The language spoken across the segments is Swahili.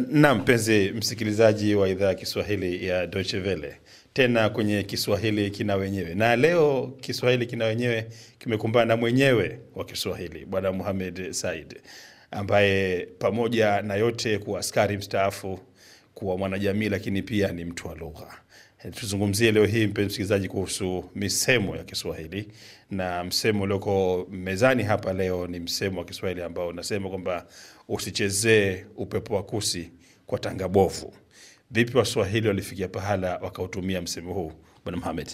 Na mpenzi msikilizaji wa idhaa ya Kiswahili ya Deutsche Welle, tena kwenye Kiswahili kina wenyewe, na leo Kiswahili kina wenyewe kimekumbana na mwenyewe wa Kiswahili Bwana muhamed Said ambaye pamoja na yote kuwa askari mstaafu, kuwa mwanajamii, lakini pia ni mtu wa lugha Eh, tuzungumzie leo hii mpenzi msikilizaji, kuhusu misemo ya Kiswahili na msemo ulioko mezani hapa leo ni msemo wa Kiswahili ambao unasema kwamba usichezee upepo wa kusi kwa tanga bovu. Vipi Waswahili walifikia pahala wakautumia msemo huu, Bwana Mohamed?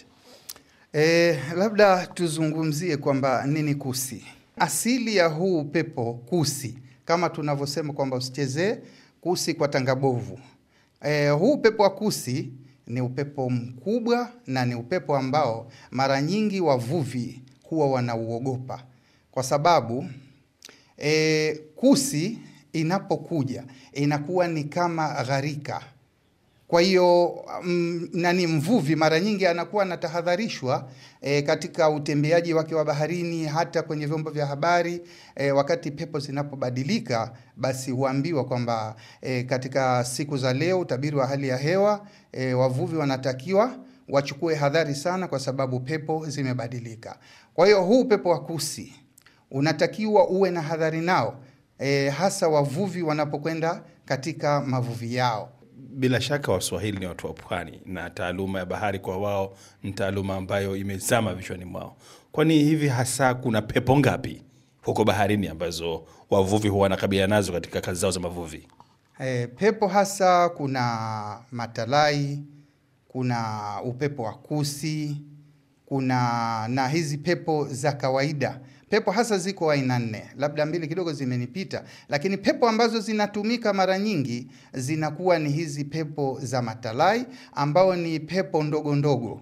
E, labda tuzungumzie kwamba nini kusi, asili ya huu upepo kusi, kama tunavyosema kwamba usichezee kusi kwa tanga bovu. E, huu upepo wa kusi ni upepo mkubwa na ni upepo ambao mara nyingi wavuvi huwa wanauogopa kwa sababu e, kusi inapokuja inakuwa ni kama gharika. Kwa hiyo mm, nani mvuvi mara nyingi anakuwa anatahadharishwa e, katika utembeaji wake wa baharini, hata kwenye vyombo vya habari e, wakati pepo zinapobadilika, basi huambiwa kwamba e, katika siku za leo utabiri wa hali ya hewa e, wavuvi wanatakiwa wachukue hadhari sana, kwa sababu pepo zimebadilika. Kwa hiyo huu pepo wa kusi unatakiwa uwe na hadhari nao e, hasa wavuvi wanapokwenda katika mavuvi yao bila shaka Waswahili ni watu wa pwani na taaluma ya bahari kwa wao ni taaluma ambayo imezama vichwani mwao. Kwani hivi hasa kuna pepo ngapi huko baharini ambazo wavuvi huwa wanakabiliana nazo katika kazi zao za mavuvi? E, pepo hasa kuna matalai, kuna upepo wa kusi, kuna na hizi pepo za kawaida Pepo hasa ziko aina nne, labda mbili kidogo zimenipita, lakini pepo ambazo zinatumika mara nyingi zinakuwa ni hizi pepo za matalai, ambao ni pepo ndogo ndogo.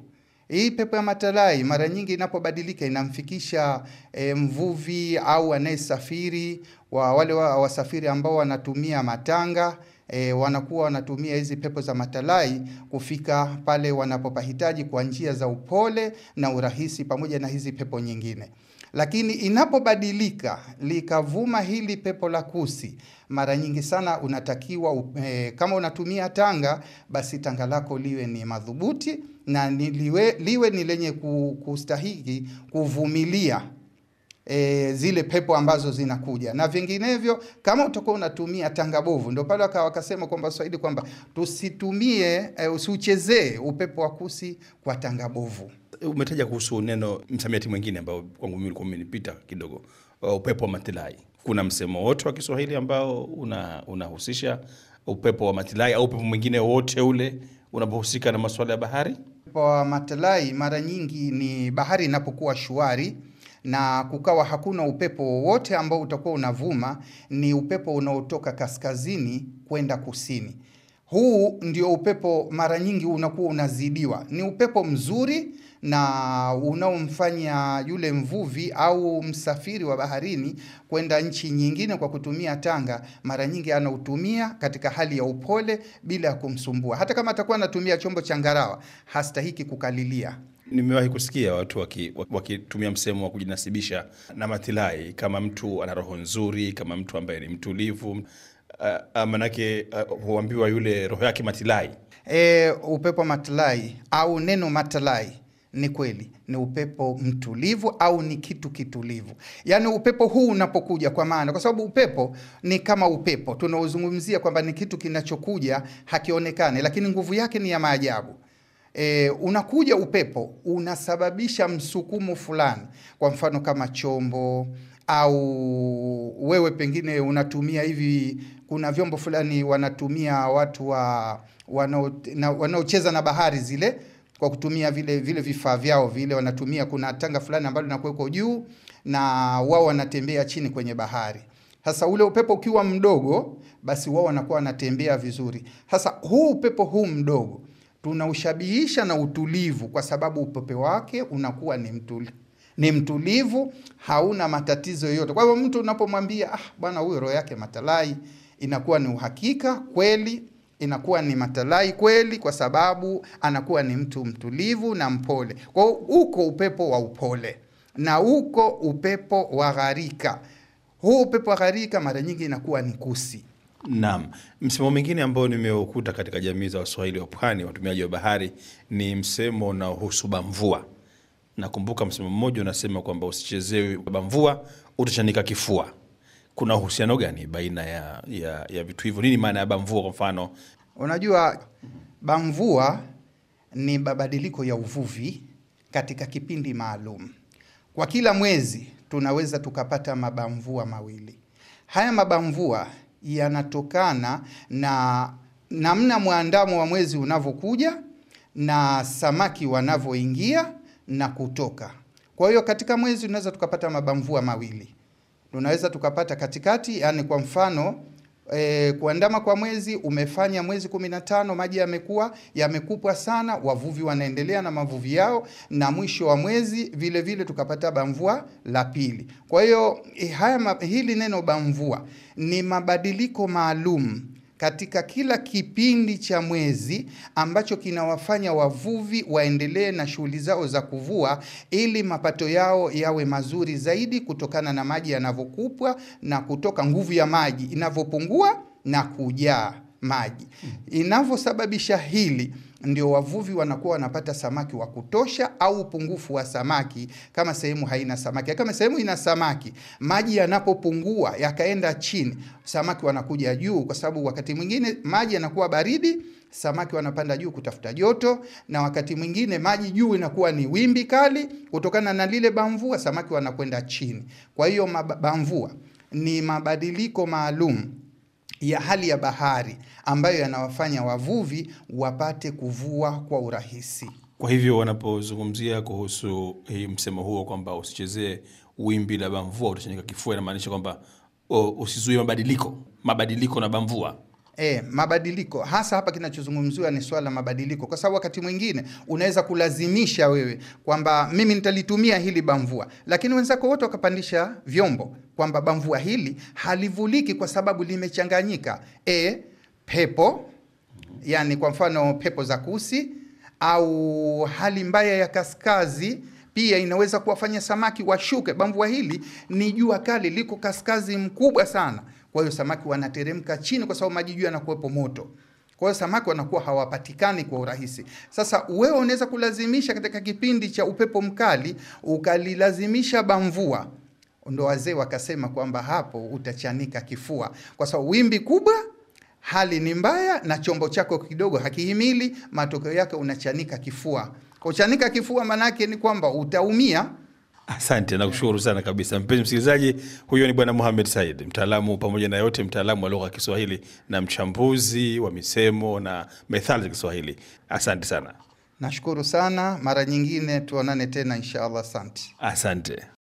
Hii pepo ya matalai mara nyingi inapobadilika inamfikisha e, mvuvi au anayesafiri wa wale wa, wasafiri ambao wanatumia matanga e, wanakuwa wanatumia hizi pepo za matalai kufika pale wanapopahitaji kwa njia za upole na urahisi, pamoja na hizi pepo nyingine. Lakini inapobadilika likavuma hili pepo la kusi, mara nyingi sana unatakiwa e, kama unatumia tanga, basi tanga lako liwe ni madhubuti na liwe, liwe ni lenye kustahiki kuvumilia E, zile pepo ambazo zinakuja na vinginevyo, kama utakuwa unatumia tanga bovu, ndio pale wakasema kwamba Swahili kwamba tusitumie e, usiuchezee upepo wa kusi kwa tanga bovu. Umetaja kuhusu neno msamiati mwingine ambao kwangu mimi ulikuwa umenipita kidogo, uh, upepo wa matilai. Kuna msemo wote wa Kiswahili ambao unahusisha una upepo wa matilai au upepo mwingine wote ule unapohusika na masuala ya bahari? Upepo wa matilai mara nyingi ni bahari inapokuwa shwari na kukawa hakuna upepo wowote ambao utakuwa unavuma, ni upepo unaotoka kaskazini kwenda kusini. Huu ndio upepo mara nyingi unakuwa unazidiwa. Ni upepo mzuri na unaomfanya yule mvuvi au msafiri wa baharini kwenda nchi nyingine kwa kutumia tanga, mara nyingi anautumia katika hali ya upole bila ya kumsumbua. Hata kama atakuwa anatumia chombo cha ngarawa, hastahiki kukalilia. Nimewahi kusikia watu wakitumia waki msemo wa kujinasibisha na matilai, kama mtu ana roho nzuri, kama mtu ambaye ni mtulivu uh, manake uh, huambiwa yule roho yake matilai e, upepo matilai au neno matilai ni kweli ni upepo mtulivu au ni kitu kitulivu, yaani upepo huu unapokuja, kwa maana kwa sababu upepo ni kama upepo tunaozungumzia kwamba ni kitu kinachokuja hakionekani lakini nguvu yake ni ya maajabu. E, unakuja upepo unasababisha msukumo fulani, kwa mfano kama chombo au wewe pengine unatumia hivi, kuna vyombo fulani wanatumia watu wa wanaocheza na, bahari zile kwa kutumia vile vile vifaa vyao vile wanatumia, kuna tanga fulani ambalo linakuwekwa juu na wao wanatembea chini kwenye bahari. Sasa ule upepo ukiwa mdogo, basi wao wanakuwa wanatembea vizuri. Sasa huu upepo huu mdogo tunaushabihisha na utulivu, kwa sababu upepo wake unakuwa ni mtulivu ni mtulivu, hauna matatizo yoyote. Kwa hivyo mtu unapomwambia ah, bwana huyo roho yake matalai, inakuwa ni uhakika kweli, inakuwa ni matalai kweli, kwa sababu anakuwa ni mtu mtulivu na mpole. Kwa hiyo uko upepo wa upole na uko upepo wa gharika. Huu upepo wa gharika mara nyingi inakuwa ni kusi. Naam, msemo mwingine ambao nimeukuta katika jamii za Waswahili wa pwani, watumiaji wa bahari, ni msemo unaohusu bamvua. Nakumbuka msemo mmoja unasema kwamba usichezewe baba mvua, utachanika kifua. Kuna uhusiano gani baina ya, ya, ya vitu hivyo? Nini maana ya bamvua Kwa mfano, unajua bamvua ni mabadiliko ya uvuvi katika kipindi maalum. Kwa kila mwezi tunaweza tukapata mabamvua mawili. Haya mabamvua yanatokana na namna mwandamo wa mwezi unavyokuja na samaki wanavyoingia na kutoka. Kwa hiyo katika mwezi tunaweza tukapata mabamvua mawili, tunaweza tukapata katikati, yani kwa mfano E, kuandama kwa mwezi umefanya mwezi 15 maji yamekuwa yamekupwa sana, wavuvi wanaendelea na mavuvi yao, na mwisho wa mwezi vile vile tukapata bamvua la pili. Kwa hiyo eh, haya hili neno bamvua ni mabadiliko maalum katika kila kipindi cha mwezi ambacho kinawafanya wavuvi waendelee na shughuli zao za kuvua ili mapato yao yawe mazuri zaidi kutokana na maji yanavyokupwa na kutoka nguvu ya maji inavyopungua na kujaa maji. Hmm. Inavyosababisha hili ndio wavuvi wanakuwa wanapata samaki wa kutosha au upungufu wa samaki, kama sehemu haina samaki. Kama sehemu ina samaki, maji yanapopungua yakaenda chini, samaki wanakuja juu, kwa sababu wakati mwingine maji yanakuwa baridi samaki wanapanda juu kutafuta joto, na wakati mwingine maji juu inakuwa ni wimbi kali. Kutokana na lile bamvua, samaki wanakwenda chini. Kwa hiyo bamvua ni mabadiliko maalum ya hali ya bahari ambayo yanawafanya wavuvi wapate kuvua kwa urahisi. Kwa hivyo wanapozungumzia kuhusu hii msemo huo kwamba usichezee wimbi la bamvua utachanyika kifua, inamaanisha kwamba oh, usizuie mabadiliko, mabadiliko na bamvua E, mabadiliko hasa hapa kinachozungumziwa ni swala la mabadiliko, kwa sababu wakati mwingine unaweza kulazimisha wewe kwamba mimi nitalitumia hili bamvua, lakini wenzako wote wakapandisha vyombo kwamba bamvua hili halivuliki kwa sababu limechanganyika e, pepo, yani kwa mfano pepo za kusi au hali mbaya ya kaskazi pia inaweza kuwafanya samaki washuke. Bamvua hili ni jua kali, liko kaskazi mkubwa sana kwa hiyo samaki wanateremka chini, kwa sababu maji juu yanakuwepo moto. Kwa hiyo samaki wanakuwa hawapatikani kwa urahisi. Sasa wewe unaweza kulazimisha katika kipindi cha upepo mkali, ukalilazimisha bamvua, ndo wazee wakasema kwamba hapo utachanika kifua, kwa sababu wimbi kubwa hali ni mbaya na chombo chako kidogo hakihimili, matokeo yake unachanika kifua. Kuchanika kifua maanake ni kwamba utaumia Asante, nakushukuru sana kabisa. Mpenzi msikilizaji, huyo ni Bwana muhamed Said, mtaalamu pamoja na yote, mtaalamu wa lugha ya Kiswahili na mchambuzi wa misemo na methali za Kiswahili. Asante sana. Nashukuru sana, mara nyingine tuonane tena inshallah. Asante, asante.